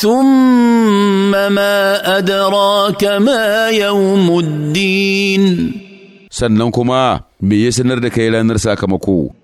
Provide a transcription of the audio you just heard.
ثم ما أدراك ما يوم الدين سنكما ميسنر دكيلا نرساك